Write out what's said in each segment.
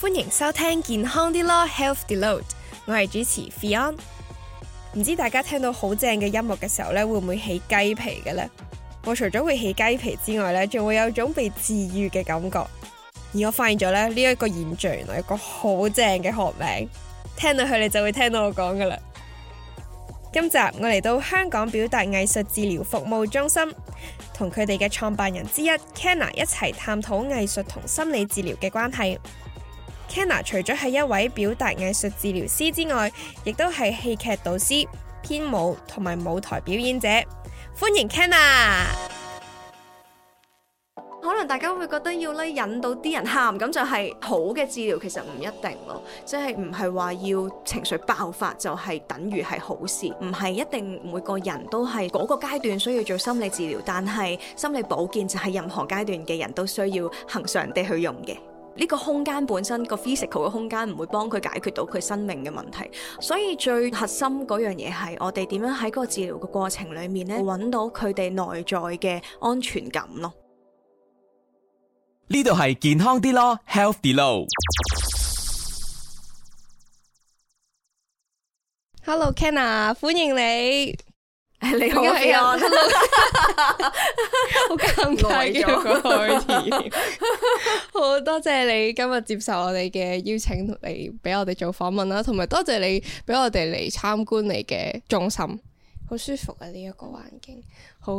歡迎收聽健康啲咯，Health Deload。我係主持 Fion，唔知大家聽到好正嘅音樂嘅時候咧，會唔會起雞皮嘅咧？我除咗會起雞皮之外咧，仲會有種被治癒嘅感覺。而我發現咗咧呢一個現象，原來有一個好正嘅學名，聽到佢，你就會聽到我講噶啦。今集我嚟到香港表達藝術治療服務中心，同佢哋嘅創辦人之一 Canna 一齊探討藝術同心理治療嘅關係。Canna 除咗係一位表達藝術治療師之外，亦都係戲劇導師、編舞同埋舞台表演者。歡迎 Canna！可能大家會覺得要咧引導啲人喊，咁就係好嘅治療，其實唔一定咯。即係唔係話要情緒爆發就係、是、等於係好事，唔係一定每個人都係嗰個階段需要做心理治療。但係心理保健就係任何階段嘅人都需要恆常地去用嘅。呢個空間本身個 physical 嘅空間唔會幫佢解決到佢生命嘅問題，所以最核心嗰樣嘢係我哋點樣喺嗰個治療嘅過程裏面咧，揾到佢哋內在嘅安全感咯。呢度係健康啲咯，Health Dlo。Hello，Canna，歡迎你。 你好啊好咁耐，好多謝你今日接受我哋嘅邀請嚟，俾我哋做訪問啦，同埋多謝你俾我哋嚟參觀你嘅中心，好舒服啊，呢一，這個環境。好，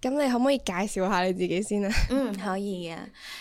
咁你可唔可以介紹下你自己先啊？嗯，可以啊。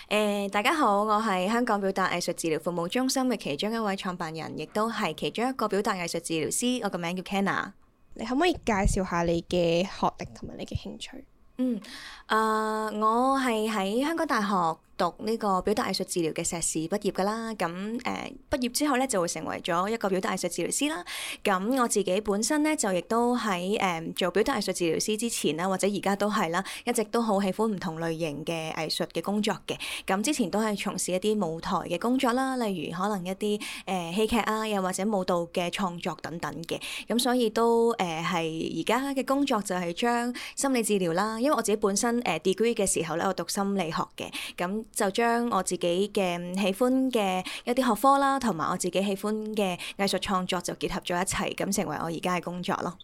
誒、呃，大家好，我係香港表達藝術治療服務中心嘅其中一位創辦人，亦都係其中一個表達藝術治療師。我個名叫 Canna。你可唔可以介紹下你嘅學歷同埋你嘅興趣？嗯，誒、呃，我係喺香港大學讀呢個表達藝術治療嘅碩士畢業㗎啦，咁誒、呃、畢業之後咧就會成為咗一個表達藝術治療師啦。咁我自己本身咧就亦都喺誒、呃、做表達藝術治療師之前啦，或者而家都係啦，一直都好喜歡唔同類型嘅藝術嘅工作嘅。咁之前都係從事一啲舞台嘅工作啦，例如可能一啲誒、呃、戲劇啊，又或者舞蹈嘅創作等等嘅。咁所以都誒係而家嘅工作就係將心理治療啦，因為我自己本身誒、呃、degree 嘅時候咧我讀心理學嘅，咁。就將我自己嘅喜歡嘅一啲學科啦，同埋我自己喜歡嘅藝術創作就結合咗一齊，咁成為我而家嘅工作咯。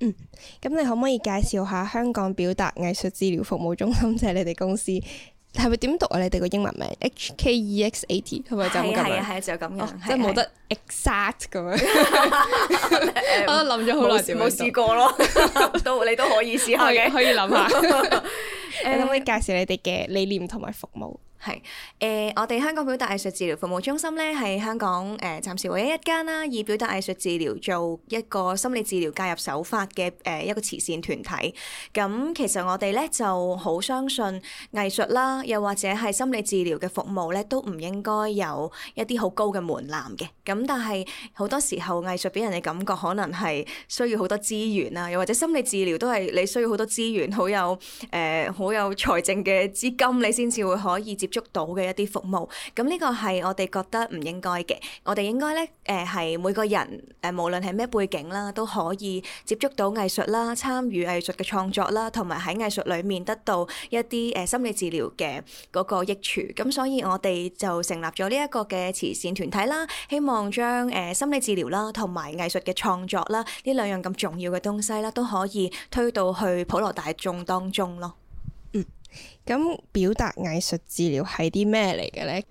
嗯，咁你可唔可以介紹下香港表達藝術治療服務中心，就係你哋公司，係咪點讀啊？你哋個英文名 HKEXAT 係咪就係？係啊，係啊，就咁樣，即係冇得 exact 咁樣。我都諗咗好耐，冇試過咯。都你都可以試下嘅，可以諗下。你可唔可以介紹你哋嘅理念同埋服務？係誒、呃，我哋香港表達藝術治療服務中心咧，係香港誒、呃、暫時唯一一間啦，以表達藝術治療做一個心理治療介入手法嘅誒、呃、一個慈善團體。咁、嗯、其實我哋咧就好相信藝術啦，又或者係心理治療嘅服務咧，都唔應該有一啲好高嘅門檻嘅。咁、嗯、但係好多時候藝術俾人嘅感覺可能係需要好多資源啊，又或者心理治療都係你需要好多資源，好有誒好、呃、有財政嘅資金，你先至會可以接接觸到嘅一啲服務，咁呢個係我哋覺得唔應該嘅。我哋應該咧，誒係每個人，誒無論係咩背景啦，都可以接觸到藝術啦，參與藝術嘅創作啦，同埋喺藝術裏面得到一啲誒心理治療嘅嗰個益處。咁所以，我哋就成立咗呢一個嘅慈善團體啦，希望將誒心理治療啦，同埋藝術嘅創作啦，呢兩樣咁重要嘅東西啦，都可以推到去普羅大眾當中咯。咁表達藝術治療係啲咩嚟嘅咧？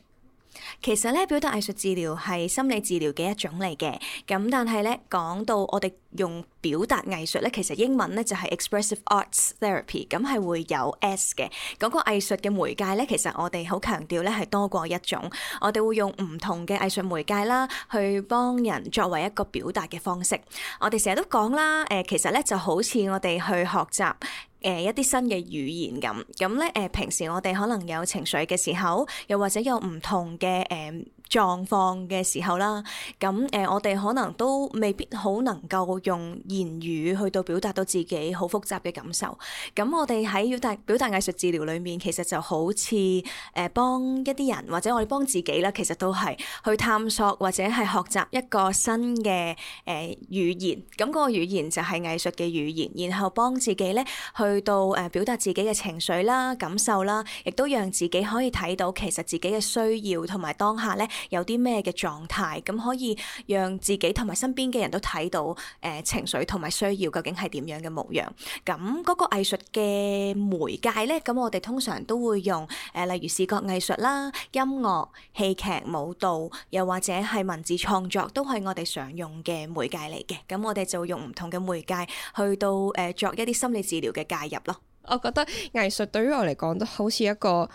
其實咧，表達藝術治療係心理治療嘅一種嚟嘅。咁但係咧，講到我哋用表達藝術咧，其實英文咧就係 expressive arts therapy，咁係會有 s 嘅。嗰個藝術嘅媒介咧，其實我哋好強調咧係多過一種。我哋會用唔同嘅藝術媒介啦，去幫人作為一個表達嘅方式。我哋成日都講啦，誒，其實咧就好似我哋去學習。誒、呃、一啲新嘅語言咁，咁咧，誒平時我哋可能有情緒嘅時候，又或者有唔同嘅誒。呃狀況嘅時候啦，咁誒、呃，我哋可能都未必好能夠用言語去到表達到自己好複雜嘅感受。咁我哋喺表達表達藝術治療裏面，其實就好似誒、呃、幫一啲人，或者我哋幫自己啦，其實都係去探索或者係學習一個新嘅誒、呃、語言。咁、那、嗰個語言就係藝術嘅語言，然後幫自己咧去到誒表達自己嘅情緒啦、感受啦，亦都讓自己可以睇到其實自己嘅需要同埋當下咧。有啲咩嘅狀態，咁可以讓自己同埋身邊嘅人都睇到，誒、呃、情緒同埋需要究竟係點樣嘅模樣。咁嗰個藝術嘅媒介呢，咁我哋通常都會用，誒、呃、例如視覺藝術啦、音樂、戲劇、舞蹈，又或者係文字創作，都係我哋常用嘅媒介嚟嘅。咁我哋就用唔同嘅媒介去到誒、呃、作一啲心理治療嘅介入咯。我覺得藝術對於我嚟講，都好似一個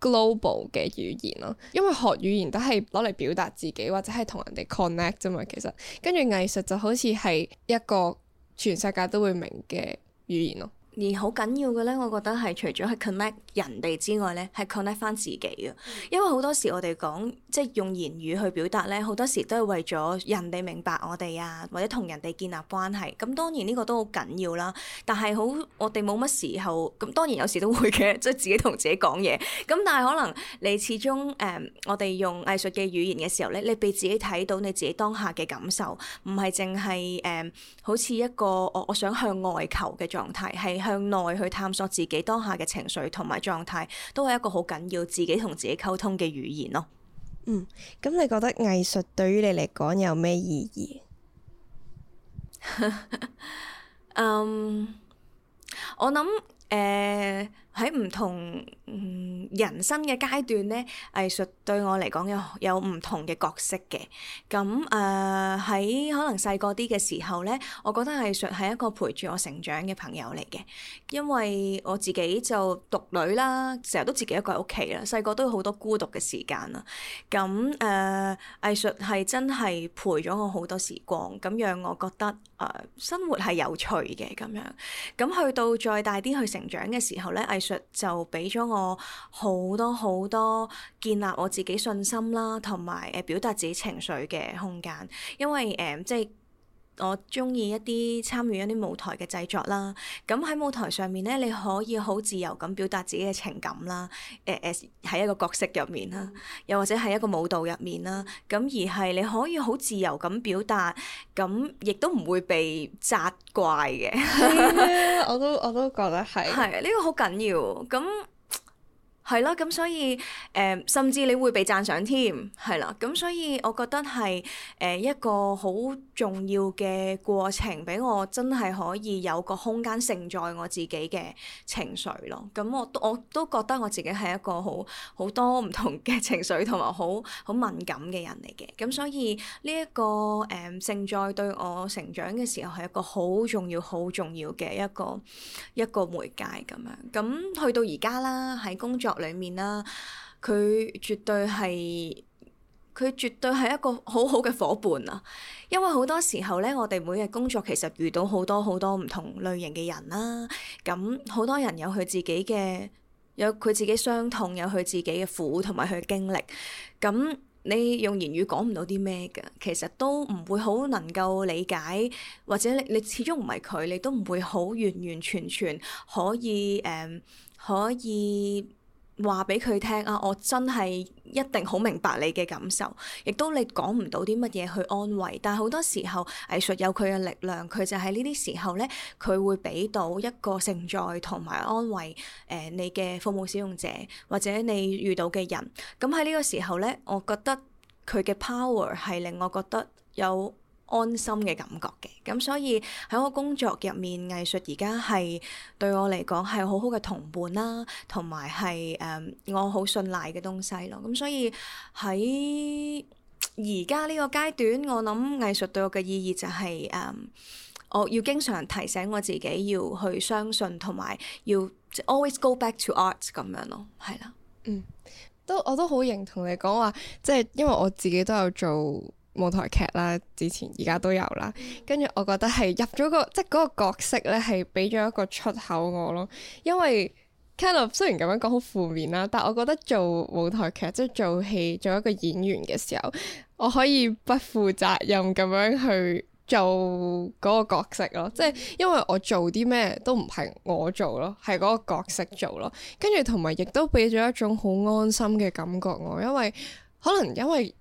global 嘅語言咯，因為學語言都係攞嚟表達自己或者係同人哋 connect 啫嘛，其實跟住藝術就好似係一個全世界都會明嘅語言咯。而好緊要嘅咧，我覺得係除咗係 connect 人哋之外咧，係 connect 翻自己嘅。因為好多時我哋講即係用言語去表達咧，好多時都係為咗人哋明白我哋啊，或者同人哋建立關係。咁當然呢個都好緊要啦。但係好我哋冇乜時候咁，當然有時都會嘅，即係自己同自己講嘢。咁但係可能你始終誒、嗯、我哋用藝術嘅語言嘅時候咧，你俾自己睇到你自己當下嘅感受，唔係淨係誒好似一個我我想向外求嘅狀態，係。向內去探索自己當下嘅情緒同埋狀態，都係一個好緊要自己同自己溝通嘅語言咯。嗯，咁你覺得藝術對於你嚟講有咩意義？嗯，我諗誒。呃喺唔同人生嘅階段咧，藝術對我嚟講有有唔同嘅角色嘅。咁誒喺可能細個啲嘅時候咧，我覺得藝術係一個陪住我成長嘅朋友嚟嘅，因為我自己就獨女啦，成日都自己一個喺屋企啦，細個都有好多孤獨嘅時間啦。咁誒藝術係真係陪咗我好多時光，咁讓我覺得誒、呃、生活係有趣嘅咁樣，咁去到再大啲去成長嘅時候咧，藝術。就俾咗我好多好多建立我自己信心啦，同埋誒表達自己情緒嘅空間，因為誒、呃、即。我中意一啲參與一啲舞台嘅製作啦，咁喺舞台上面咧，你可以好自由咁表達自己嘅情感啦，誒誒喺一個角色入面啦，又或者喺一個舞蹈入面啦，咁而係你可以好自由咁表達，咁亦都唔會被責怪嘅。 我都我都覺得係，係呢、呢個好緊要咁。係啦，咁所以誒甚至你會被讚賞添，係啦，咁所以我覺得係誒一個好重要嘅過程，俾我真係可以有個空間盛載我自己嘅情緒咯。咁我都我都覺得我自己係一個好好多唔同嘅情緒同埋好好敏感嘅人嚟嘅。咁所以呢一個誒盛載對我成長嘅時候係一個好重要、好重要嘅一個一個媒介咁樣，咁去到而家啦，喺工作裏面啦，佢絕對係佢絕對係一個好好嘅夥伴啊！因為好多時候咧，我哋每日工作其實遇到好多好多唔同類型嘅人啦，咁好多人有佢自己嘅，有佢自己傷痛，有佢自己嘅苦同埋佢經歷。咁你用言語講唔到啲咩嘅，其實都唔會好能夠理解，或者你你始終唔係佢，你都唔會好完完全全可以誒、呃、可以，話俾佢聽啊！我真係一定好明白你嘅感受，亦都你講唔到啲乜嘢去安慰。但係好多時候，藝術有佢嘅力量，佢就喺呢啲時候呢，佢會俾到一個承載同埋安慰誒你嘅服務使用者，或者你遇到嘅人。咁喺呢個時候呢，我覺得佢嘅 power 係令我覺得有安心嘅感覺嘅，咁所以喺我工作入面，藝術而家係對我嚟講係好好嘅同伴啦，同埋係誒我好信賴嘅東西咯。咁所以喺而家呢個階段，我諗藝術對我嘅意義就係、是、誒、嗯，我要經常提醒我自己要去相信同埋要 always go back to art 咁樣咯，係啦，嗯，都我都好認同你講話，即係因為我自己都有做。舞台劇啦，之前而家都有啦，跟住我覺得係入咗個即係嗰個角色咧，係俾咗一個出口我咯。因為 Caleb 雖然咁樣講好負面啦，但係我覺得做舞台劇即係做戲做一個演員嘅時候，我可以不負責任咁樣去做嗰個角色咯。即係因為我做啲咩都唔係我做咯，係嗰個角色做咯。跟住同埋亦都俾咗一種好安心嘅感覺我，因為可能因為。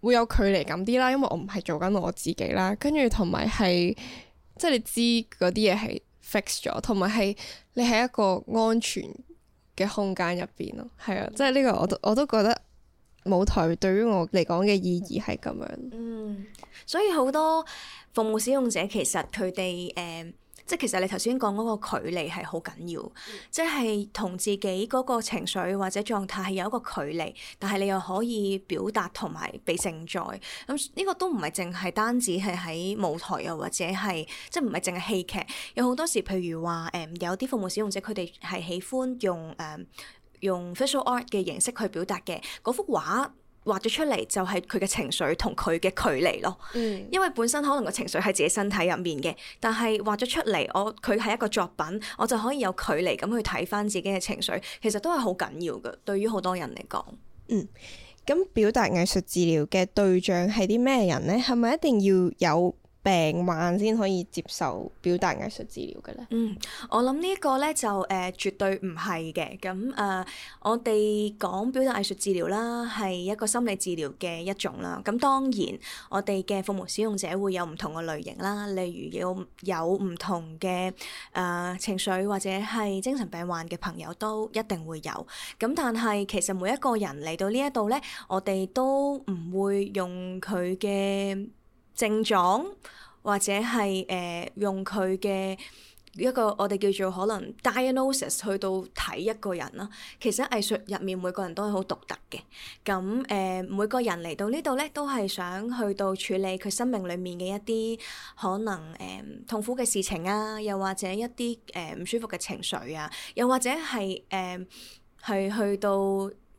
會有距離感啲啦，因為我唔係做緊我自己啦，跟住同埋係，即係你知嗰啲嘢係 fix 咗，同埋係你喺一個安全嘅空間入邊咯，係啊，嗯、即係呢個我都我都覺得舞台對於我嚟講嘅意義係咁樣，嗯，所以好多服務使用者其實佢哋誒。嗯即係其實你頭先講嗰個距離係好緊要，即係同自己嗰個情緒或者狀態係有一個距離，但係你又可以表達同埋被承載。咁、嗯、呢、這個都唔係淨係單止係喺舞台又或者係即係唔係淨係戲劇，有好多時譬如話誒有啲服務使用者佢哋係喜歡用誒用 visual art 嘅形式去表達嘅嗰幅畫，畫咗出嚟就係佢嘅情緒同佢嘅距離咯，嗯、因為本身可能個情緒喺自己身體入面嘅，但係畫咗出嚟，我佢係一個作品，我就可以有距離咁去睇返自己嘅情緒，其實都係好緊要㗎，對於好多人嚟講。嗯，咁表達藝術治療嘅對象係啲咩人呢？係咪一定要有？病患先可以接受表達藝術治療嘅咧？嗯，我諗呢個咧就誒、呃、絕對唔係嘅。咁誒、呃，我哋講表達藝術治療啦，係一個心理治療嘅一種啦。咁當然，我哋嘅服務使用者會有唔同嘅類型啦。例如要有唔同嘅誒、呃、情緒，或者係精神病患嘅朋友都一定會有。咁但係其實每一個人嚟到呢一度咧，我哋都唔會用佢嘅症狀或者係誒、呃、用佢嘅一個我哋叫做可能 diagnosis 去到睇一個人啦。其實藝術入面每個人都係好獨特嘅。咁誒、呃、每個人嚟到呢度咧，都係想去到處理佢生命裡面嘅一啲可能誒、呃、痛苦嘅事情啊，又或者一啲誒唔舒服嘅情緒啊，又或者係誒係去到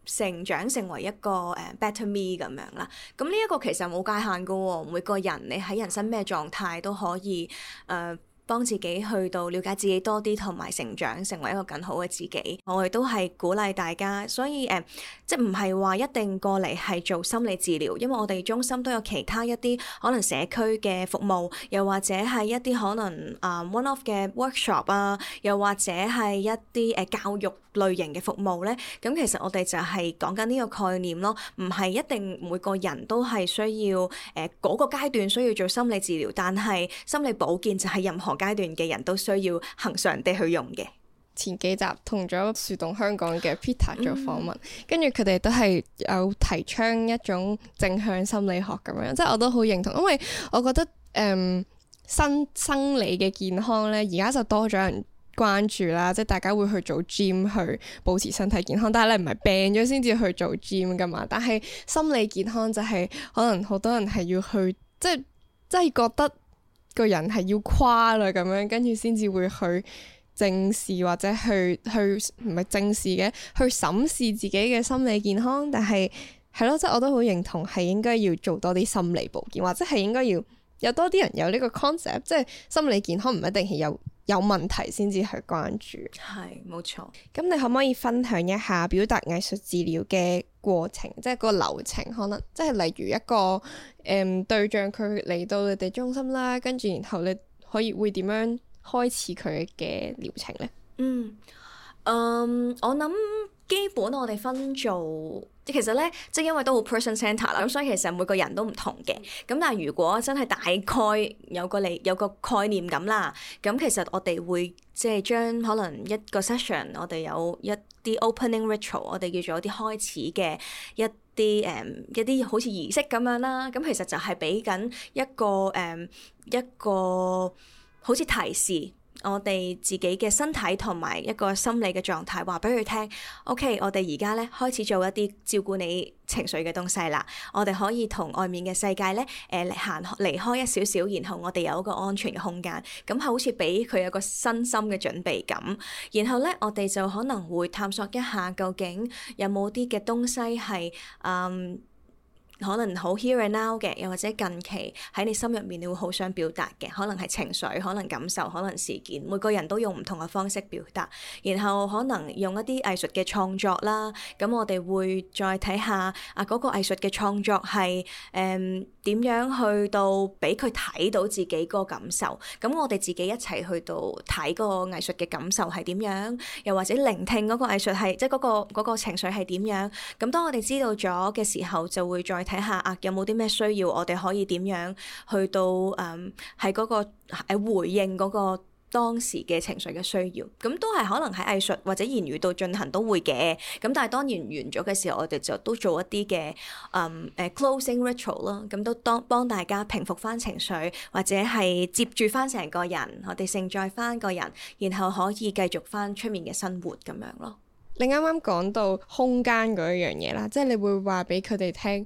成長成為一個誒 better me 咁樣啦，咁呢一個其實冇界限㗎喎，每個人你喺人生咩狀態都可以誒。呃幫自己去到了解自己多啲，同埋成長，成為一個更好嘅自己。我哋都係鼓勵大家，所以誒、呃，即係唔係話一定過嚟係做心理治療，因為我哋中心都有其他一啲可能社區嘅服務，又或者係一啲可能誒、呃、one-off 嘅 workshop 啊，又或者係一啲誒、呃、教育類型嘅服務咧。咁其實我哋就係講緊呢個概念咯，唔係一定每個人都係需要誒嗰、呃嗰個階段需要做心理治療，但係心理保健就係任何階段嘅人都需要恆常地去用嘅。前幾集同咗樹洞香港嘅 Peter 做訪問，跟住佢哋都係有提倡一種正向心理學咁樣，即係我都好認同，因為我覺得，嗯，生生理嘅健康咧，而家就多咗人關注啦，即係大家會去做 gym 去保持身體健康，但係你唔係病咗先至去做 gym 噶嘛，但係心理健康就係、是、可能好多人係要去，即係即係覺得。個人係要跨啦咁樣，跟住先至會去正視或者去去唔係正視嘅，去審視自己嘅心理健康。但係係咯，即係我都好認同，係應該要做多啲心理保健，或者係應該要。有多啲人有呢個 concept，即係心理健康唔一定係有有問題先至去關注。係，冇錯。咁你可唔可以分享一下表達藝術治療嘅過程，即係嗰個流程？可能即係例如一個誒、嗯、對象佢嚟到你哋中心啦，跟住然後你可以會點樣開始佢嘅療程呢？嗯，嗯、呃，我諗基本我哋分做。其實咧，即因為都好 person centre 啦，咁所以其實每個人都唔同嘅。咁但係如果真係大概有個嚟有個概念咁啦，咁其實我哋會即係將可能一個 session，我哋有一啲 opening ritual，我哋叫做一啲開始嘅一啲誒、嗯、一啲好似儀式咁樣啦。咁其實就係俾緊一個誒、嗯、一個好似提示。我哋自己嘅身體同埋一個心理嘅狀態，話俾佢聽。OK，我哋而家咧開始做一啲照顧你情緒嘅東西啦。我哋可以同外面嘅世界咧，誒行離開一少少，然後我哋有一個安全嘅空間。咁、嗯、好似俾佢有個身心嘅準備感。然後咧，我哋就可能會探索一下，究竟有冇啲嘅東西係嗯。可能好 here and now 嘅，又或者近期喺你心入面，你會好想表達嘅，可能係情緒，可能感受，可能事件。每個人都用唔同嘅方式表達，然後可能用一啲藝術嘅創作啦。咁我哋會再睇下啊個藝術嘅創作係誒點樣去到俾佢睇到自己個感受。咁我哋自己一齊去到睇個藝術嘅感受係點樣，又或者聆聽個藝術係即係個、嗰個情緒係點樣，咁當我哋知道咗嘅時候，就會再。睇下啊，看看有冇啲咩需要，我哋可以點樣去到誒喺嗰個誒回應嗰個當時嘅情緒嘅需要。咁都係可能喺藝術或者言語度進行都會嘅。咁但係當然完咗嘅時候，我哋就都做一啲嘅誒 closing ritual 咯。咁、嗯啊、都當幫大家平復翻情緒，或者係接住翻成個人，我哋盛載翻個人，然後可以繼續翻出面嘅生活咁樣咯。你啱啱講到空間嗰一樣嘢啦，即係你會話俾佢哋聽，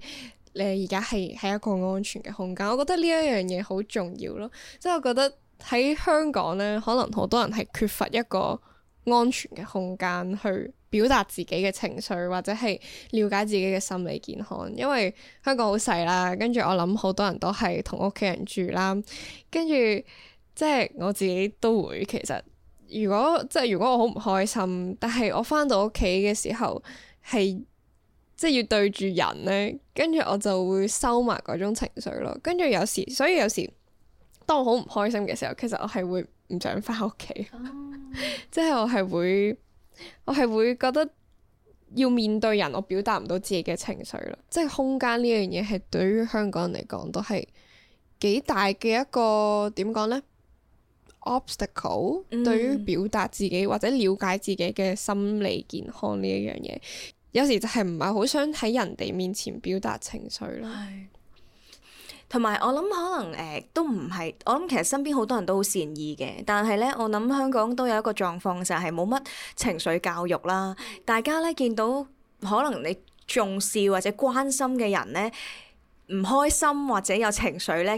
你而家係係一個安全嘅空間。我覺得呢一樣嘢好重要咯。即係我覺得喺香港咧，可能好多人係缺乏一個安全嘅空間去表達自己嘅情緒，或者係了解自己嘅心理健康。因為香港好細啦，跟住我諗好多人都係同屋企人住啦，跟住即係我自己都會其實。如果即係如果我好唔開心，但係我返到屋企嘅時候係即係要對住人咧，跟住我就會收埋嗰種情緒咯。跟住有時，所以有時當我好唔開心嘅時候，其實我係會唔想返屋企，oh. 即係我係會我係會覺得要面對人，我表達唔到自己嘅情緒咯。即係空間呢樣嘢係對於香港人嚟講都係幾大嘅一個點講咧？obstacle、嗯、對於表達自己或者了解自己嘅心理健康呢一樣嘢，有時就係唔係好想喺人哋面前表達情緒咯。係。同埋我諗可能誒、呃、都唔係，我諗其實身邊好多人都好善意嘅，但係咧我諗香港都有一個狀況就係冇乜情緒教育啦。大家咧見到可能你重視或者關心嘅人咧唔開心，或者有情緒咧。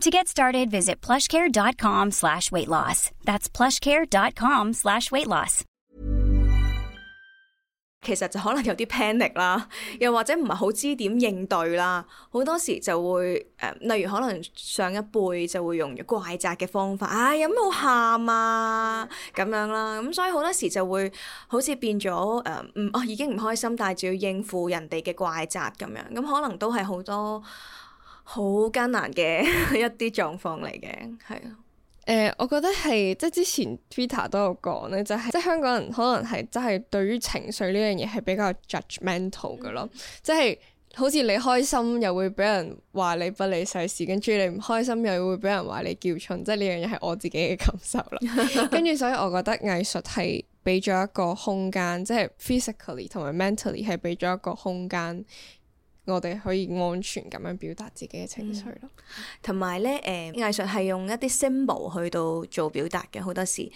To get started, visit plushcare. dot com slash weight loss. That's plushcare. dot com slash weight loss. 其實就可能有啲 panic 啦，又或者唔係好知點應對啦。好多時就會、呃、例如可能上一輩就會用怪責嘅方法，唉、哎，有冇喊啊？咁樣啦。咁所以好多時就會好似變咗誒，嗯，哦，已經唔開心，但係就要應付人哋嘅怪責咁樣。咁可能都係好多。好艱難嘅 一啲狀況嚟嘅，係啊，誒、呃，我覺得係即係之前 Vita 都有講咧，就係、是、即係香港人可能係真係對於情緒呢樣嘢係比較 judgmental 噶咯，嗯、即係好似你開心又會俾人話你不理世事，跟住你唔開心又會俾人話你叫蠢，即係呢樣嘢係我自己嘅感受啦。 跟住所以我覺得藝術係俾咗一個空間，即、就、係、是、physically 同埋 mentally 係俾咗一個空間。我哋可以安全咁樣表達自己嘅情緒咯，同埋咧，誒藝術係用一啲 symbol 去到做表達嘅，好多時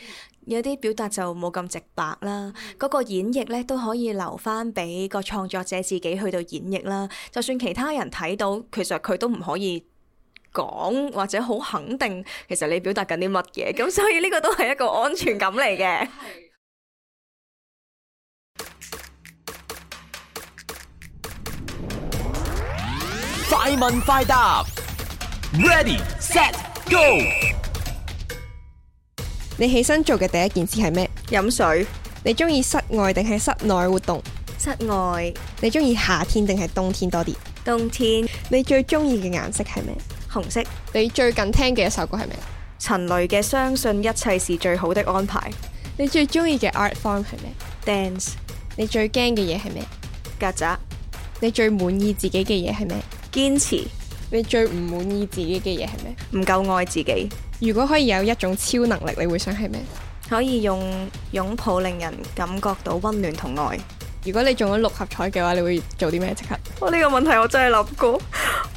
有啲表達就冇咁直白啦。嗰、嗯、個演繹咧都可以留翻俾個創作者自己去到演繹啦。就算其他人睇到，其實佢都唔可以講或者好肯定其實你表達緊啲乜嘢。咁 所以呢個都係一個安全感嚟嘅。 快問答，Ready, Set, Go。你起身做嘅第一件事係咩？飲水。你中意室外定係室內活動？室外。你中意夏天定係冬天多啲？冬天。你最中意嘅顏色係咩？紅色。你最近聽嘅一首歌係咩？陳雷嘅《相信一切是最好的安排》。你最中意嘅 art form 係咩？dance。你最驚嘅嘢係咩？曱甴。你最滿意自己嘅嘢係咩？堅持，你最唔滿意自己嘅嘢係咩？唔夠愛自己。如果可以有一種超能力，你會想係咩？可以用擁抱令人感覺到溫暖同愛。如果你中咗六合彩嘅話，你會做啲咩？即刻？我呢、哦這個問題我真係諗過，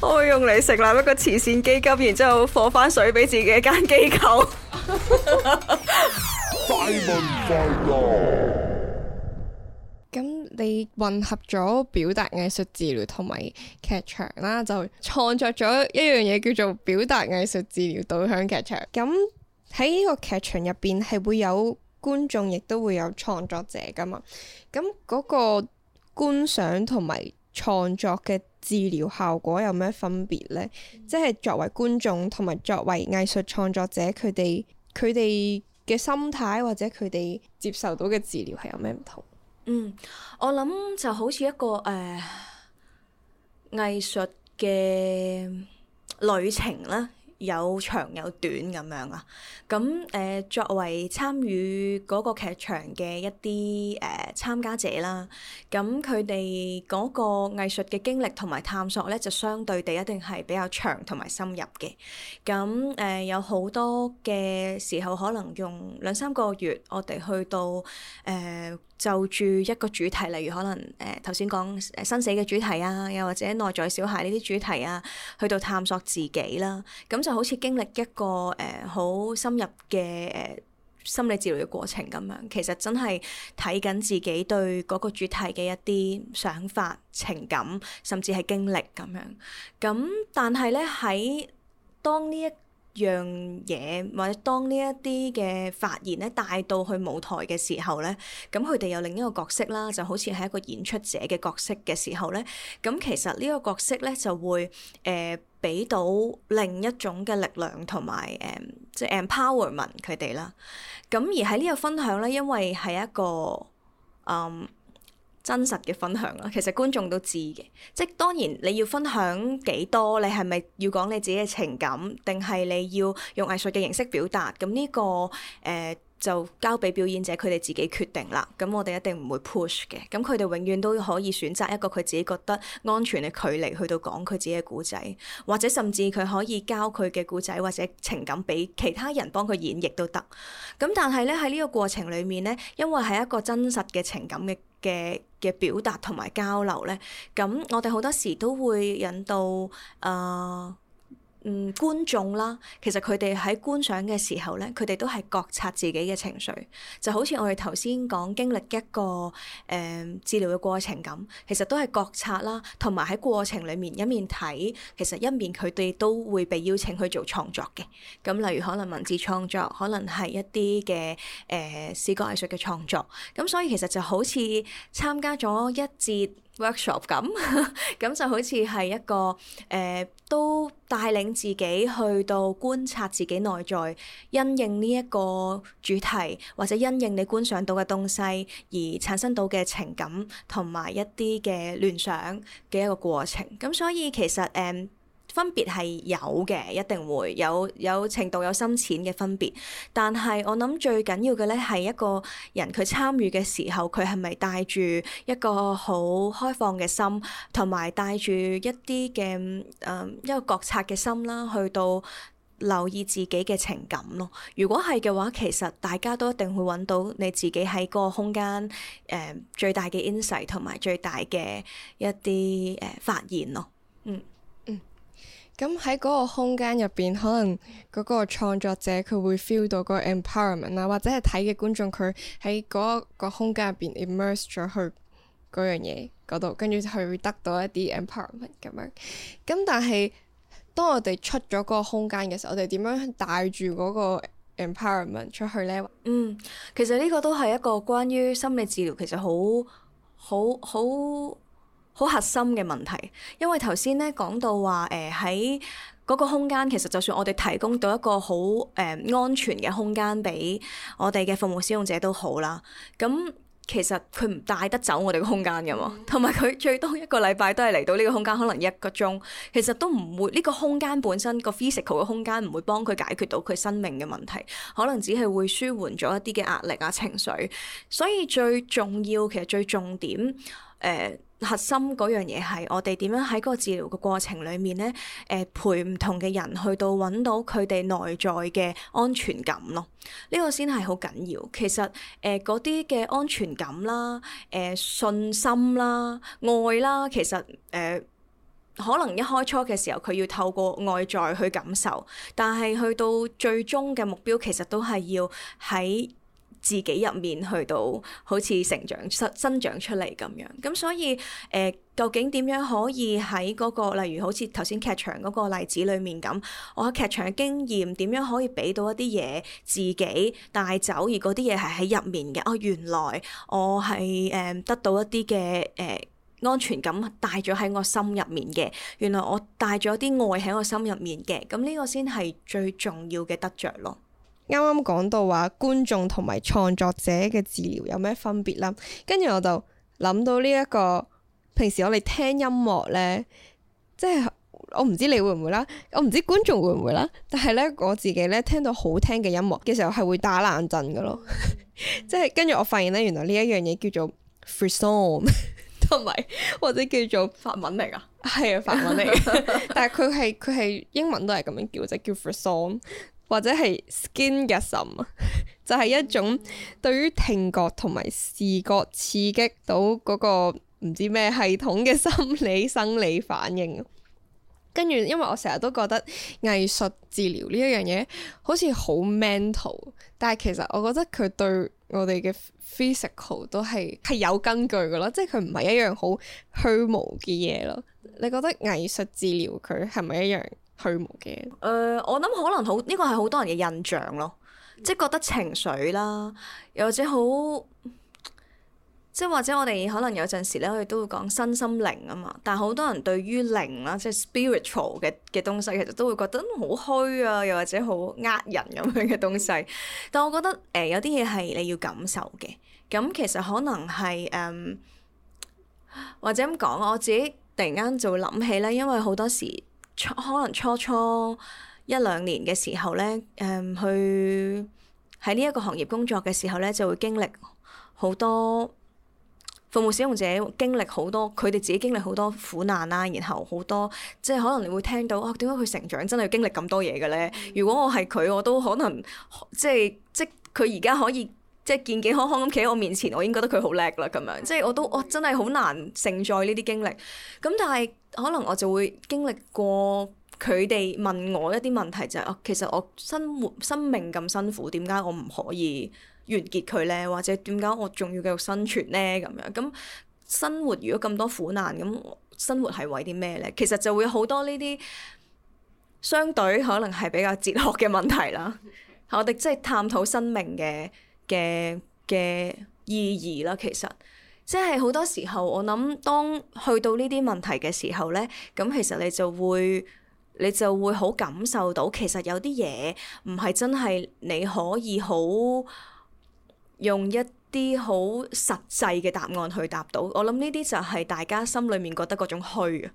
我會用嚟成立一個慈善基金，然之後放翻水俾自己一間機構。快問快答。咁你混合咗表達藝術治療同埋劇場啦，就創作咗一樣嘢叫做表達藝術治療導向劇場。咁喺呢個劇場入邊係會有觀眾，亦都會有創作者噶嘛。咁嗰個觀賞同埋創作嘅治療效果有咩分別呢？嗯，即係作為觀眾同埋作為藝術創作者，佢哋佢哋嘅心態或者佢哋接受到嘅治療係有咩唔同？嗯，我諗就好似一個誒藝術嘅旅程啦，有長有短咁樣啊。咁誒、呃，作為參與嗰個劇場嘅一啲誒參加者啦，咁佢哋嗰個藝術嘅經歷同埋探索咧，就相對地一定係比較長同埋深入嘅。咁誒、呃，有好多嘅時候可能用兩三個月，我哋去到誒。呃就住一個主題，例如可能誒頭先講誒生死嘅主題啊，又或者內在小孩呢啲主題啊，去到探索自己啦，咁就好似經歷一個誒好深入嘅誒心理治療嘅過程，咁樣其實真係睇緊自己對嗰個主題嘅一啲想法、情感，甚至係經歷咁樣，咁但係咧喺當呢一樣嘢，或者當呢一啲嘅發言咧帶到去舞台嘅時候咧，咁佢哋有另一個角色啦，就好似係一個演出者嘅角色嘅時候咧，咁其實呢個角色咧就會誒俾、呃、到另一種嘅力量同埋誒即係 empowerment 佢哋啦。咁、呃就是、而喺呢個分享咧，因為係一個嗯。真實嘅分享啦，其實觀眾都知嘅，即係當然你要分享幾多，你係咪要講你自己嘅情感，定係你要用藝術嘅形式表達？咁呢個誒就交俾表演者佢哋自己決定啦。咁我哋一定唔會 push 嘅。咁佢哋永遠都可以選擇一個佢自己覺得安全嘅距離去到講佢自己嘅故仔，或者甚至佢可以交佢嘅故仔或者情感俾其他人幫佢演繹都得。咁但係咧喺呢個過程裡面呢，因為係一個真實嘅情感嘅嘅嘅表達同埋交流咧，咁我哋好多時都會引導啊。呃嗯，觀眾啦，其實佢哋喺觀賞嘅時候咧，佢哋都係覺察自己嘅情緒，就好似我哋頭先講經歷一個誒、呃、治療嘅過程咁，其實都係覺察啦，同埋喺過程裡面一面睇，其實一面佢哋都會被邀請去做創作嘅，咁例如可能文字創作，可能係一啲嘅誒視覺藝術嘅創作，咁所以其實就好似參加咗一節 workshop 咁，咁 就好似係一個誒、呃，都帶領自己去到觀察自己內在，因應呢一個主題，或者因應你觀賞到嘅東西而產生到嘅情感同埋一啲嘅聯想嘅一個過程。咁所以其實誒、呃分別係有嘅，一定會有有程度有深淺嘅分別。但係我諗最緊要嘅咧係一個人佢參與嘅時候，佢係咪帶住一個好開放嘅心，同埋帶住一啲嘅誒一個覺察嘅心啦，去到留意自己嘅情感咯。如果係嘅話，其實大家都一定會揾到你自己喺個空間誒、呃、最大嘅 insight 同埋最大嘅一啲誒、呃、發現咯。咁喺嗰個空間入邊，可能嗰個創作者佢會 feel 到個 empowerment 啊，或者係睇嘅觀眾佢喺嗰個空間入邊 immerse 咗去嗰樣嘢嗰度，跟住佢會得到一啲 empowerment 咁樣。咁但係當我哋出咗嗰個空間嘅時候，我哋點樣帶住嗰個 empowerment 出去呢？嗯，其實呢個都係一個關於心理治療，其實好好好好核心嘅問題，因為頭先咧，講到話誒，喺嗰個空間，其實就算我哋提供到一個好誒、呃、安全嘅空間俾我哋嘅服務使用者都好啦。咁其實佢唔帶得走我哋個空間㗎嘛，同埋佢最多一個禮拜都係嚟到呢個空間，可能一個鐘，其實都唔會呢、呢個空間本身個 physical 嘅空間唔會幫佢解決到佢生命嘅問題，可能只係會舒緩咗一啲嘅壓力啊、情緒。所以最重要其實最重點誒、呃核心嗰樣嘢係我哋點樣喺嗰個治療嘅過程裡面咧，誒、呃、陪唔同嘅人去到揾到佢哋內在嘅安全感咯，呢、這個先係好緊要。其實誒嗰啲嘅安全感啦、誒、呃、信心啦、愛啦，其實誒、呃、可能一開初嘅時候佢要透過外在去感受，但係去到最終嘅目標其實都係要喺自己入面去到好似成長生生長出嚟咁樣，咁所以誒、呃，究竟點樣可以喺嗰、嗰個例如好似頭先劇場嗰個例子裡面咁，我喺劇場嘅經驗點樣可以俾到一啲嘢自己帶走，而嗰啲嘢係喺入面嘅？哦，原來我係誒得到一啲嘅誒安全感帶咗喺我心入面嘅，原來我帶咗啲愛喺我心入面嘅，咁呢個先係最重要嘅得着咯。啱啱講到話觀眾同埋創作者嘅治療有咩分別啦，跟住我就諗到呢、這、一個平時我哋聽音樂咧，即係我唔知你會唔會啦，我唔知觀眾會唔會啦，但係咧我自己咧聽到好聽嘅音樂嘅時候係會打冷震噶咯，即係跟住我發現咧原來呢一樣嘢叫做 frisson，s 同埋或者叫做法文嚟噶，係啊 法文嚟噶， 但係佢係佢係英文都係咁樣叫，即係叫 frisson s。或者係 skin 嘅心，就係一種對於聽覺同埋視覺刺激到嗰個唔知咩系統嘅心理生理反應。跟住，因為我成日都覺得藝術治療呢一樣嘢好似好 mental，但係其實我覺得佢對我哋嘅 physical 都係係有根據嘅咯，即係佢唔係一樣好虛無嘅嘢咯。你覺得藝術治療佢係咪一樣？虛無嘅，誒、呃，我諗可能好呢個係好多人嘅印象咯，即係覺得情緒啦，又或者好，即係或者我哋可能有陣時咧，我哋都會講身心靈啊嘛。但係好多人對於靈啦，即係 spiritual 嘅嘅東西，其實都會覺得好虛啊，又或者好呃人咁樣嘅東西。但我覺得誒、呃，有啲嘢係你要感受嘅。咁其實可能係誒、呃，或者咁講，我自己突然間就會諗起咧，因為好多時。初可能初初一兩年嘅時候咧，誒、嗯、去喺呢一個行業工作嘅時候咧，就會經歷好多服務使用者，經歷好多佢哋自己經歷好多苦難啦。然後好多即係可能你會聽到哦，點解佢成長真係要經歷咁多嘢嘅咧？如果我係佢，我都可能即係即佢而家可以。即係健健康康咁企喺我面前，我已經覺得佢好叻啦咁樣。即係我都我真係好難承載呢啲經歷。咁但係可能我就會經歷過佢哋問我一啲問題，就係、哦、其實我生活生命咁辛苦，點解我唔可以完結佢呢？或者點解我仲要繼續生存呢？咁樣咁生活如果咁多苦難，咁生活係為啲咩呢？其實就會好多呢啲相對可能係比較哲學嘅問題啦。 我哋即係探討生命嘅。嘅嘅意義啦，其實即係好多時候，我諗當去到呢啲問題嘅時候咧，咁其實你就會，你就會好感受到，其實有啲嘢唔係真係你可以好用一啲好實際嘅答案去答到。我諗呢啲就係大家心裏面覺得嗰種虛啊。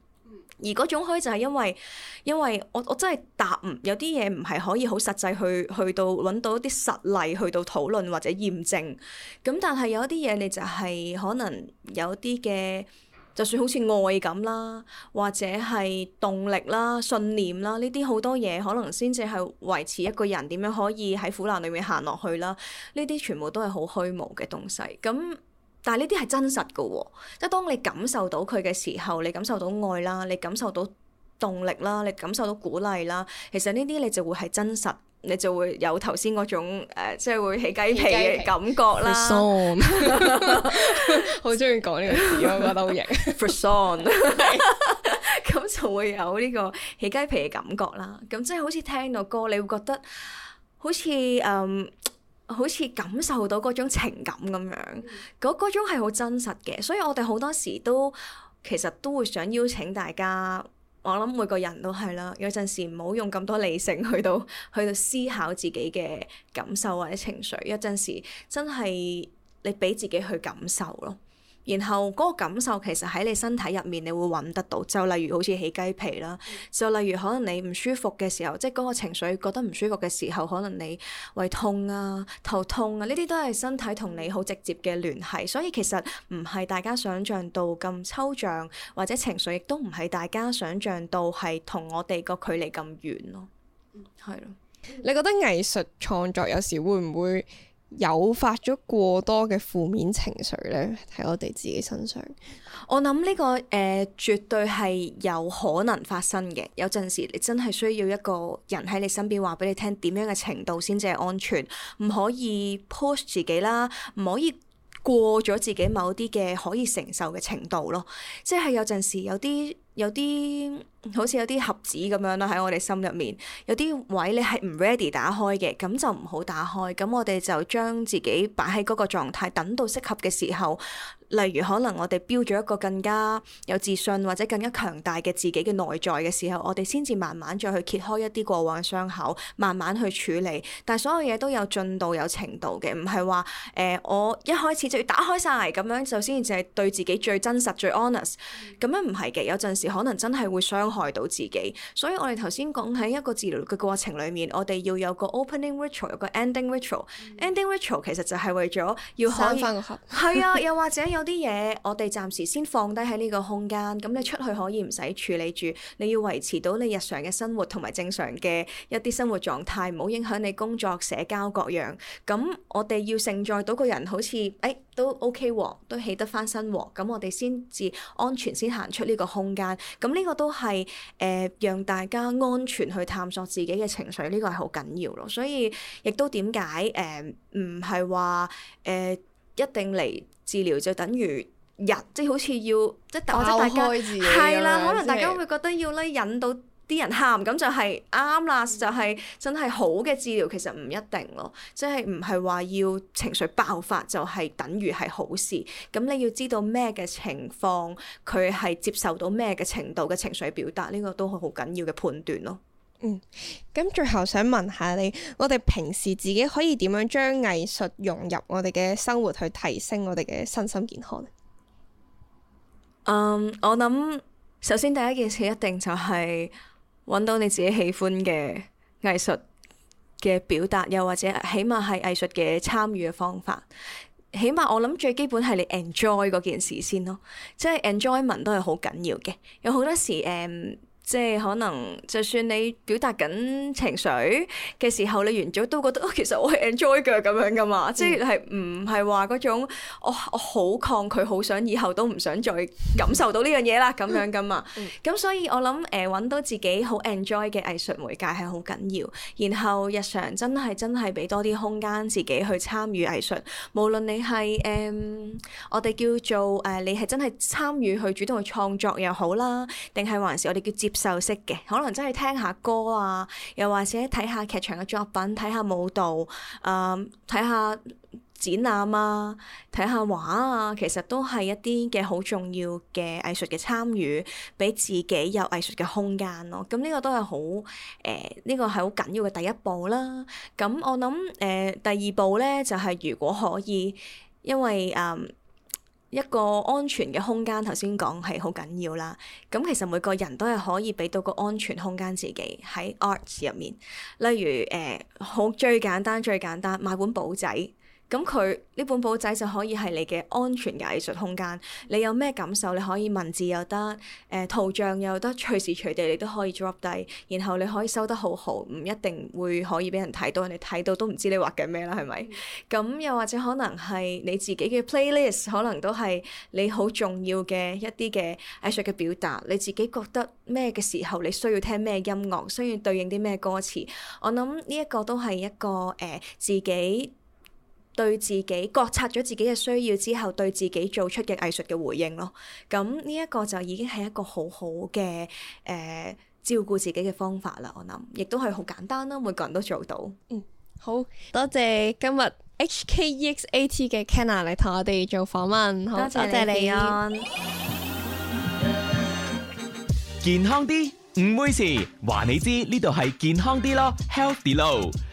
而嗰種可就係因為，因為我我真係答唔，有啲嘢唔係可以好實際去去到揾到一啲實例去到討論或者驗證。咁但係有一啲嘢你就係可能有啲嘅，就算好似愛咁啦，或者係動力啦、信念啦，呢啲好多嘢可能先至係維持一個人點樣可以喺苦難裡面行落去啦。呢啲全部都係好虛無嘅東西。咁。但係呢啲係真實嘅喎，即係當你感受到佢嘅時候，你感受到愛啦，你感受到動力啦，你感受到鼓勵啦，其實呢啲你就會係真實，你就會有頭先嗰種誒，即係會起雞皮嘅感覺啦。好鍾意講呢個詞，我覺得好型。咁就會有呢個起雞皮嘅感覺啦。咁即係好似聽到歌，你會覺得好似誒。好似感受到嗰種情感咁樣，嗰嗰、嗯、種係好真實嘅，所以我哋好多時都其實都會想邀請大家，我諗每個人都係啦，有陣時唔好用咁多理性去到去到思考自己嘅感受或者情緒，有陣時真係，你俾自己去感受咯。然後嗰個感受其實喺你身體入面，你會揾得到。就例如好似起雞皮啦，嗯、就例如可能你唔舒服嘅時候，即係嗰個情緒覺得唔舒服嘅時候，可能你胃痛啊、頭痛啊，呢啲都係身體同你好直接嘅聯繫。所以其實唔係大家想像到咁抽象，或者情緒亦都唔係大家想像到係同我哋個距離咁遠咯。嗯，係咯。你覺得藝術創作有時會唔會？有發咗過多嘅負面情緒咧，喺我哋自己身上，我諗呢個誒絕對係有可能發生嘅。有陣時你真係需要一個人喺你身邊話俾你聽，點樣嘅程度先至係安全，唔可以 push 自己啦，唔可以過咗自己某啲嘅可以承受嘅程度咯。即係有陣時有啲有啲。好似有啲盒子咁樣啦，喺我哋心入面，有啲位你係唔 ready 打開嘅，咁就唔好打開，咁我哋就將自己擺喺嗰個狀態，等到適合嘅時候。例如可能我哋 build 咗一個更加有自信或者更加強大嘅自己嘅內在嘅時候，我哋先至慢慢再去揭開一啲過往嘅傷口，慢慢去處理。但係所有嘢都有進度有程度嘅，唔係話誒我一開始就要打開晒，咁樣就先至係對自己最真實最 honest。咁樣唔係嘅，有陣時可能真係會傷。害到自己，所以我哋頭先講，喺一個治療嘅過程裏面，我哋要有個 opening ritual，有個 ending ritual、mm.。ending ritual 其實就係為咗要可以，係分 啊，又或者有啲嘢我哋暫時先放低喺呢個空間，咁你出去可以唔使處理住，你要維持到你日常嘅生活同埋正常嘅一啲生活狀態，唔好影響你工作、社交各樣。咁我哋要承載到個人好似誒。哎都 OK，都起得翻身，咁我哋先至安全先行出呢個空間，咁呢個都係誒讓大家安全去探索自己嘅情緒，呢個係好緊要咯。所以亦都點解誒唔係話誒一定嚟治療就等於引，即係好似要即係大家係啦，可能大家會覺得要咧引到。啲人喊咁就係啱啦，就係真係好嘅治療，其實唔一定咯，即係唔係話要情緒爆發就係等於係好事。咁你要知道咩嘅情況，佢係接受到咩嘅程度嘅情緒表達，呢個都係好緊要嘅判斷咯。嗯，咁最後想問下你，我哋平時自己可以點樣將藝術融入我哋嘅生活，去提升我哋嘅身心健康咧？嗯，我諗首先第一件事一定就係。揾到你自己喜歡嘅藝術嘅表達，又或者起碼係藝術嘅參與嘅方法，起碼我諗最基本係你 enjoy 嗰件事先咯，即係 enjoyment 都係好緊要嘅。有好多時誒，嗯即係可能，就算你表達緊情緒嘅時候，你完咗都覺得、哦、其實我係 enjoy 嘅咁樣噶嘛，嗯、即係係唔係話種我、哦、我好抗拒，好想以後都唔想再感受到呢樣嘢啦咁樣噶嘛。咁、嗯、所以我諗誒揾到自己好 enjoy 嘅藝術媒介係好緊要，然後日常真係真係俾多啲空間自己去參與藝術，無論你係誒、呃、我哋叫做誒、呃、你係真係參與去主動去創作又好啦，定係還是我哋叫接受。就識嘅，可能真係聽下歌啊，又或者睇下劇場嘅作品，睇下舞蹈啊，睇、呃、下展覽啊，睇下畫啊，其實都係一啲嘅好重要嘅藝術嘅參與，俾自己有藝術嘅空間咯。咁呢個都係好誒，呢個係好緊要嘅第一步啦。咁、嗯、我諗誒、呃，第二步咧就係、是、如果可以，因為誒。呃一個安全嘅空間，頭先講係好緊要啦。咁其實每個人都係可以畀到個安全空間自己喺 arts 入面，例如誒，好、呃、最簡單最簡單，買本簿仔。咁佢呢本簿仔就可以係你嘅安全嘅藝術空間。你有咩感受，你可以文字又得，誒、呃，圖像又得，隨時隨地你都可以 drop 低，然後你可以收得好好，唔一定會可以俾人睇到。人哋睇到都唔知你畫緊咩啦，係咪？咁、嗯、又或者可能係你自己嘅 playlist，可能都係你好重要嘅一啲嘅藝術嘅表達。你自己覺得咩嘅時候，你需要聽咩音樂，需要對應啲咩歌詞。我諗呢一個都係一個誒自己。對自己覺察咗自己嘅需要之後，對自己做出嘅藝術嘅回應咯。咁呢一個就已經係一個好好嘅誒照顧自己嘅方法啦。我諗，亦都係好簡單啦，每個人都做到。嗯，好多謝今日 HKEXAT 嘅 Canna 嚟同我哋做訪問。好，多謝你。健康啲，唔會事，話你知呢度係健康啲咯，Healthy 路。